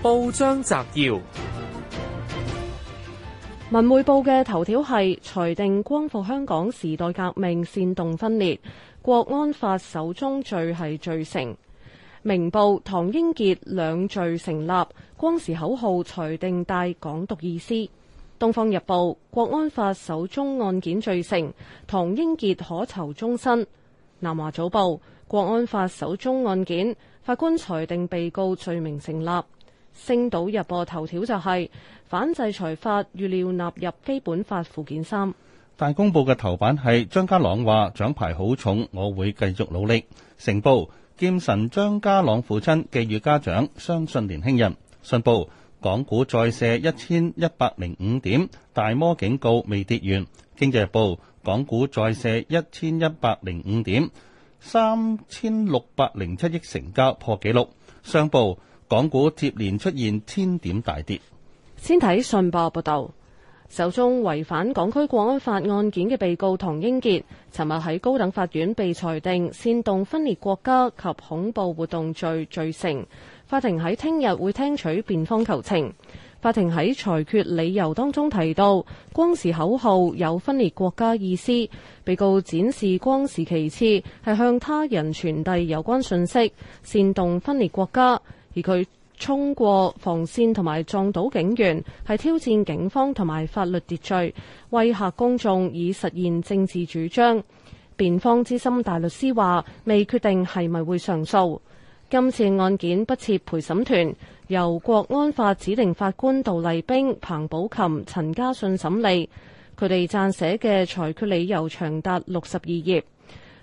報章摘要：文匯報嘅頭條係裁定光復香港時代革命煽動分裂國安法首宗罪係罪成。明報唐英傑兩罪成立，光時口號裁定帶港獨意思。東方日報國安法首宗案件罪成，唐英傑可囚終身。南華早報國安法首宗案件，法官裁定被告罪名成立。星島日報頭條就係、是、反制裁法預料納入基本法附件三。大公報嘅頭版係張家朗話獎牌好重，我會繼續努力。成報劍神張家朗父親寄語家長，相信年輕人。信報港股再瀉一千一百零五點，大摩警告未跌完。經濟日報港股再瀉一千一百零五點，三千六百零七億成交破紀錄。商報。港股接連出現千點大跌。先睇信報報道，首宗違反港區國安法案件嘅被告唐英傑，尋日喺高等法院被裁定煽動分裂國家及恐怖活動罪罪成。法庭喺聽日會聽取辯方求情。法庭喺裁決理由當中提到，光時口號有分裂國家意思，被告展示光時其次，係向他人傳遞有關訊息，煽動分裂國家。而佢衝過防線同埋撞到警員，係挑戰警方同埋法律秩序，威嚇公眾以實現政治主張，辯方資深大律師話未決定係咪會上訴。今次案件不設陪審團，由國安法指定法官杜麗冰、彭寶琴、陳家信審理。佢哋撰寫嘅裁決理由長達六十二頁。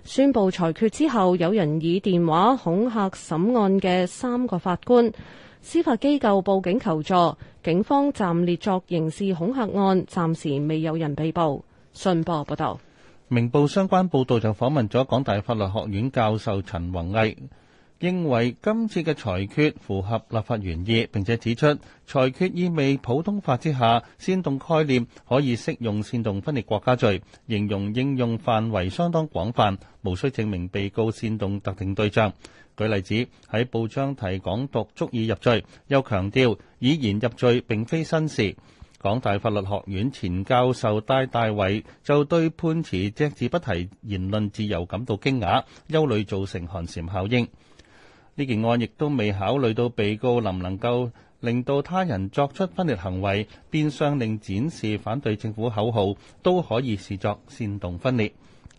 宣布裁決之後，有人以電話恐嚇審案嘅三個法官，司法機構報警求助，警方暫列作刑事恐嚇案，暫時未有人被捕。信報報道，明報相關報道就訪問咗港大法律學院教授陳弘毅。認為今次嘅裁決符合立法原意，並且指出裁決意味普通法之下煽動概念可以適用煽動分裂國家罪，形容應用範圍相當廣泛，無需證明被告煽動特定對象。舉例子喺報章提港獨足以入罪，又強調以言入罪並非新事。港大法律學院前教授戴大偉就對判詞隻字不提言論自由感到驚訝，憂慮造成寒蟬效應。呢件案亦都未考慮到被告能唔能夠令到他人作出分裂行為，變相令展示反對政府口號，都可以視作煽動分裂。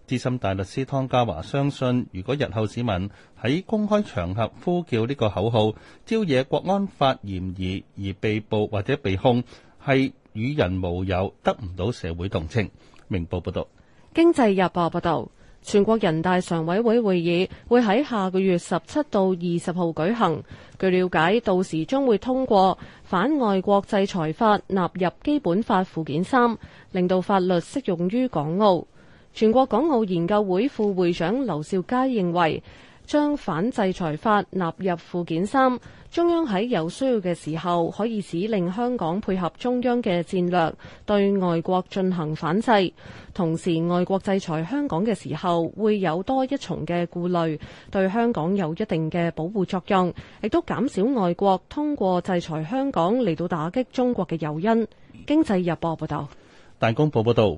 資深大律師湯家驊相信，如果日後市民喺公開場合呼叫呢個口號，招惹國安法嫌疑而被捕或者被控，係與人無尤，得唔到社會同情。明報報道。經濟日報報導。全國人大常委會會議會喺下個月十七到二十號舉行。據了解，到時將會通過反外國制裁法納入基本法附件三，令到法律適用於港澳。全國港澳研究會副會長劉兆佳認為，將反制裁法納入附件三，中央喺有需要嘅時候可以指令香港配合中央嘅戰略，對外國進行反制。同時，外國制裁香港嘅時候，會有多一重嘅顧慮，對香港有一定嘅保護作用，亦都減少外國通過制裁香港嚟到打擊中國嘅誘因。經濟日報報道，大公報報道。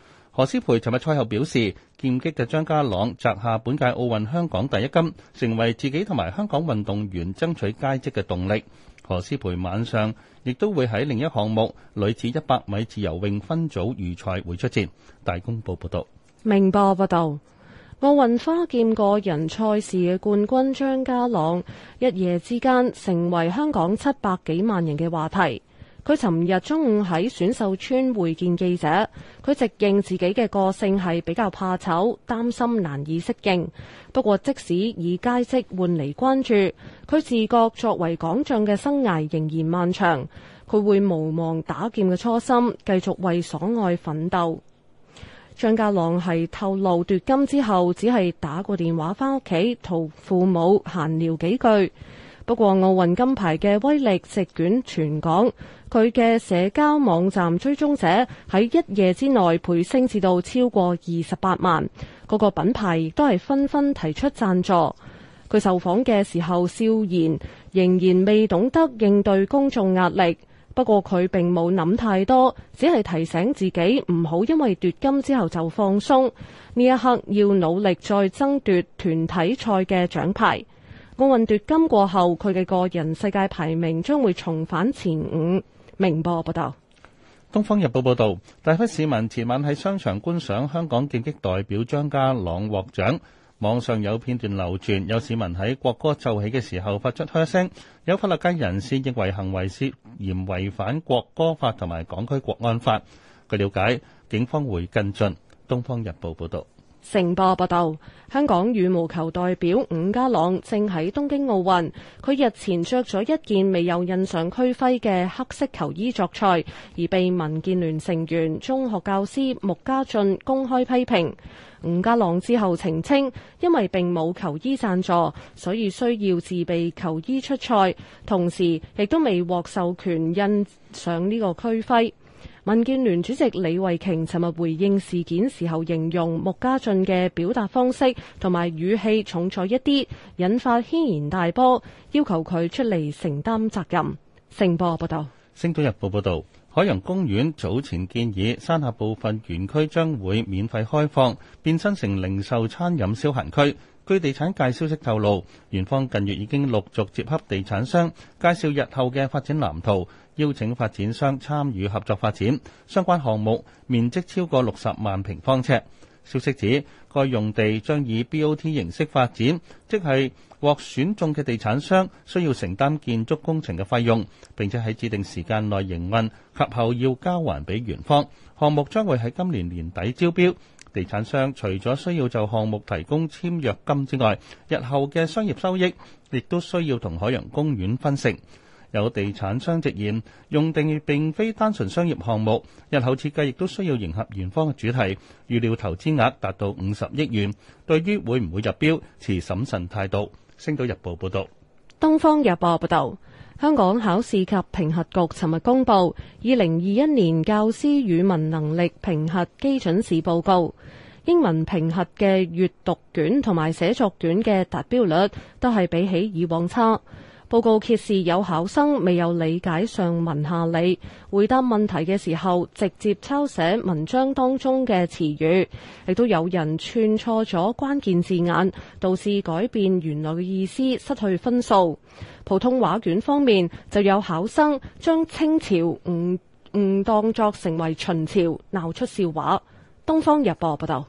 何思培尋日賽後表示，劍擊嘅張家朗摘下本屆奧運香港第一金，成為自己同埋香港運動員爭取佳績嘅動力。何詩蓓晚上亦都會喺另一項目女子一百米自由泳分組預賽會出戰。大公報報道，明報報道，奧運花劍個人賽事嘅冠軍張家朗一夜之間成為香港七百幾萬人嘅話題。佢尋日中午喺選手村會見記者，佢直認自己嘅個性係比較怕醜，擔心難以適應。不過即使以佳績換嚟關注，佢自覺作為港將嘅生涯仍然漫長，佢會無忘打劍嘅初心，繼續為所愛奮鬥。張家朗係透露奪金之後，只係打過電話返屋企，同父母閒聊幾句。不過奧運金牌嘅威力席捲全港，佢嘅社交網站追蹤者喺一夜之內倍升至到超過二十八萬，各個品牌亦都係紛紛提出贊助。佢受訪嘅時候笑言，仍然未懂得應對公眾壓力，不過佢並冇諗太多，只係提醒自己唔好因為奪金之後就放鬆，呢一刻要努力再爭奪團體賽嘅獎牌。奧運奪金過後，佢嘅個人世界排名將會重返前五。明報報道，《東方日報》報道，大批市民前晚喺商場觀賞香港劍擊代表張家朗獲獎，網上有片段流傳，有市民喺國歌奏起嘅時候發出噓聲，有法律界人士認為行為涉嫌違反國歌法同埋港區國安法。據了解，警方會跟進。《東方日報》報道。成報報道，香港羽毛球代表伍家朗正喺東京奧運。佢日前着咗一件未有印上區徽嘅黑色球衣作賽，而被民建聯成員中學教師穆家俊公開批評。伍家朗之後澄清，因為並冇球衣贊助，所以需要自備球衣出賽，同時亦都未獲授權印上呢個區徽。民建聯主席李慧瓊尋日回應事件時候，形容穆家俊嘅表達方式同埋語氣重咗一啲，引發軒然大波，要求佢出嚟承擔責任。成報報道，《星島日報》報道。海洋公園早前建議，山下部分園區將會免費開放，變身成零售餐飲消閒區。據地產界消息透露，園方近月已經陸續接洽地產商，介紹日後嘅發展藍圖，邀請發展商參與合作發展相關項目，面積超過六十萬平方尺。消息指，該用地將以 BOT 形式發展，即係獲選中嘅地產商需要承擔建築工程嘅費用，並且喺指定時間內營運，及後要交還俾園方。項目將會喺今年年底招標，地產商除咗需要就項目提供簽約金之外，日後嘅商業收益亦都需要同海洋公園分成。有地產商直言，用地並非單純商業項目，入口設計亦都需要迎合園方嘅主題。預料投資額達到五十億元。對於會唔會入標，持審慎態度。星島日報報道。東方日報報道，香港考試及評核局尋日公布二零二一年教師語文能力評核基準試報告，英文評核嘅閱讀卷同埋寫作卷嘅達標率都係比起以往差。報告揭示有考生未有理解上文下理，回答問題嘅時候直接抄寫文章當中嘅詞語，亦都有人串錯咗關鍵字眼，導致改變原來嘅意思，失去分數。普通話卷方面就有考生將清朝誤誤當作成為秦朝，鬧出笑話。《東方日報》報道，《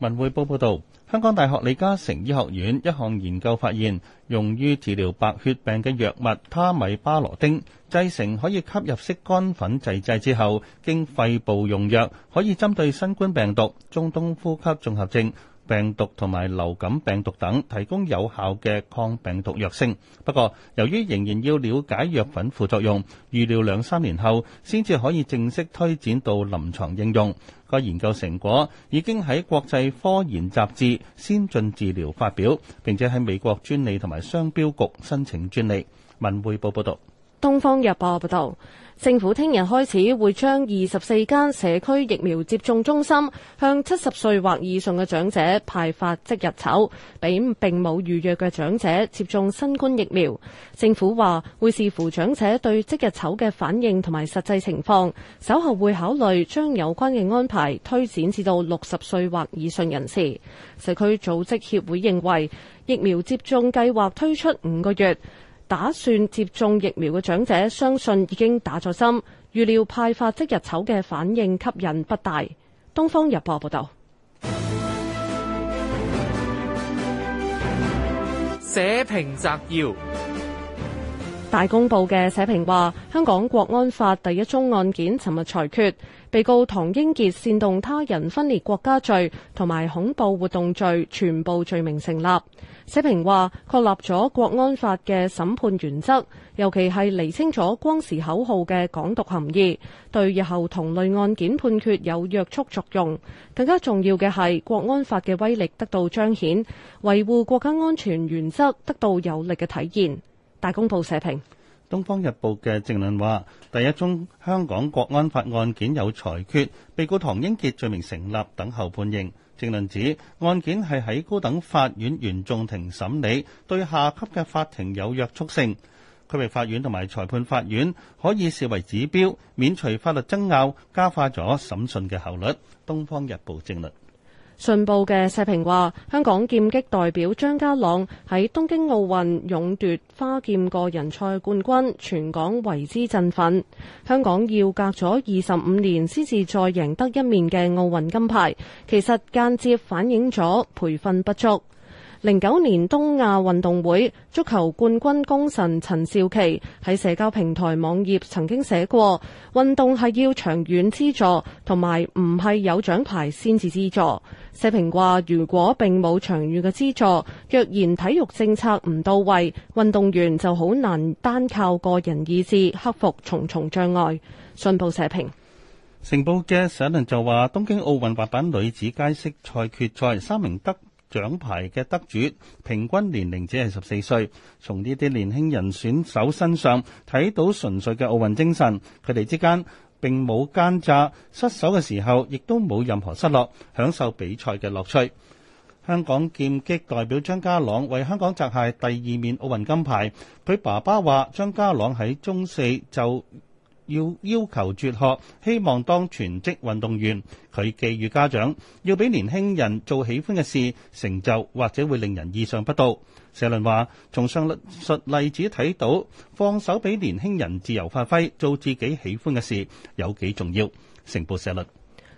文匯報》報道。香港大學李嘉誠醫學院一項研究發現，用於治療白血病嘅藥物他米巴羅丁製成可以吸入式乾粉製劑之後，經肺部用藥，可以針對新冠病毒、中東呼吸綜合症。病毒同埋流感病毒等提供有效嘅抗病毒藥性。不過，由於仍然要了解藥品副作用，預料兩三年後先至可以正式推展到臨床應用。該研究成果已經喺國際科研雜誌《先進治療》發表，並且喺美國專利同埋商標局申請專利。文匯報報道。東方日報報道，政府聽日開始會將二十四間社區疫苗接種中心向七十歲或以上嘅長者派發即日籌，俾並冇預約嘅長者接種新冠疫苗。政府話會視乎長者對即日籌嘅反應同埋實際情況，稍後會考慮將有關嘅安排推展至到六十歲或以上人士。社區組織協會認為，疫苗接種計劃推出五個月。打算接種疫苗嘅長者，相信已經打咗針。預料派發即日籌嘅反應吸引不大。東方日報報道。社評摘要：大公報嘅社評話，香港國安法第一宗案件尋日裁決，被告唐英傑煽動他人分裂國家罪同埋恐怖活動罪，全部罪名成立。社評話確立咗國安法嘅審判原則，尤其係釐清咗光時口號嘅港獨含義，對日後同類案件判決有約束作用。更加重要嘅係國安法嘅威力得到彰顯，維護國家安全原則得到有力嘅體現。大公報社評，《東方日報》嘅正論話：第一宗香港國安法案件有裁決，被告唐英傑罪名成立，等候判刑。正論指案件係喺高等法院原訟庭審理，對下級嘅法庭有約束性。區域法院同埋裁判法院可以視為指標，免除法律爭拗，加快咗審訊嘅效率。《東方日報》正論。《信報》嘅社評話：香港劍擊代表張家朗喺東京奧運勇奪花劍個人賽冠軍，全港為之振奮。香港要隔咗二十五年先至再贏得一面嘅奧運金牌，其實間接反映咗培訓不足。零九年東亞運動會足球冠軍功臣陳肇麒喺社交平台網頁曾經寫過：運動係要長遠資助，同埋唔係有獎牌先至資助。社評話：如果並冇長遠嘅資助，若然體育政策唔到位，運動員就好難單靠個人意志克服重重障礙。信報社評，成報嘅社論就話：東京奧運滑板女子街式賽決賽，三名得。獎牌嘅得主平均年齡只係十四歲，從呢啲年輕人選手身上睇到純粹嘅奧運精神。佢哋之間並冇奸詐，失手嘅時候亦都冇任何失落，享受比賽嘅樂趣。香港劍擊代表張家朗為香港摘下第二面奧運金牌，佢爸爸話張家朗喺中四就。要要求輟學，希望當全職運動員，佢寄語家長要俾年輕人做喜歡嘅事，成就或者會令人意想不到。社論話：從上述例子睇到，放手俾年輕人自由發揮，做自己喜歡嘅事，有幾重要。成報社論。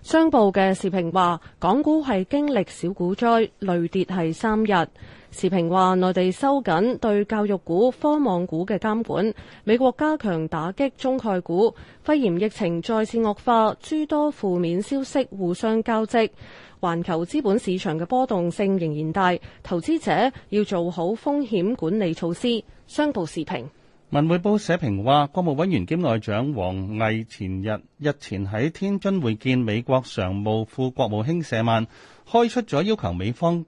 商報嘅視頻話，港股係經歷小股災，累跌係三日。時評話，內地收緊對教育股、科網股嘅監管，美國加強打擊中概股，肺炎疫情再次惡化，諸多負面消息互相交織，環球資本市場嘅波動性仍然大，投資者要做好風險管理措施。商報時評。文匯報社評話，國務委員兼外長王毅前日日前喺天津會見美國常務副國務卿舍曼，開出咗要求美方。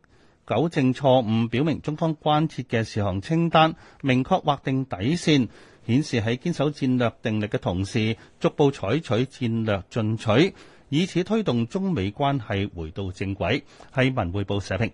糾正錯誤，表明中方關切嘅事項清單，明確劃定底線，顯示喺堅守戰略定力嘅同時，逐步採取戰略進取，以此推動中美關係回到正軌。係文匯報社評。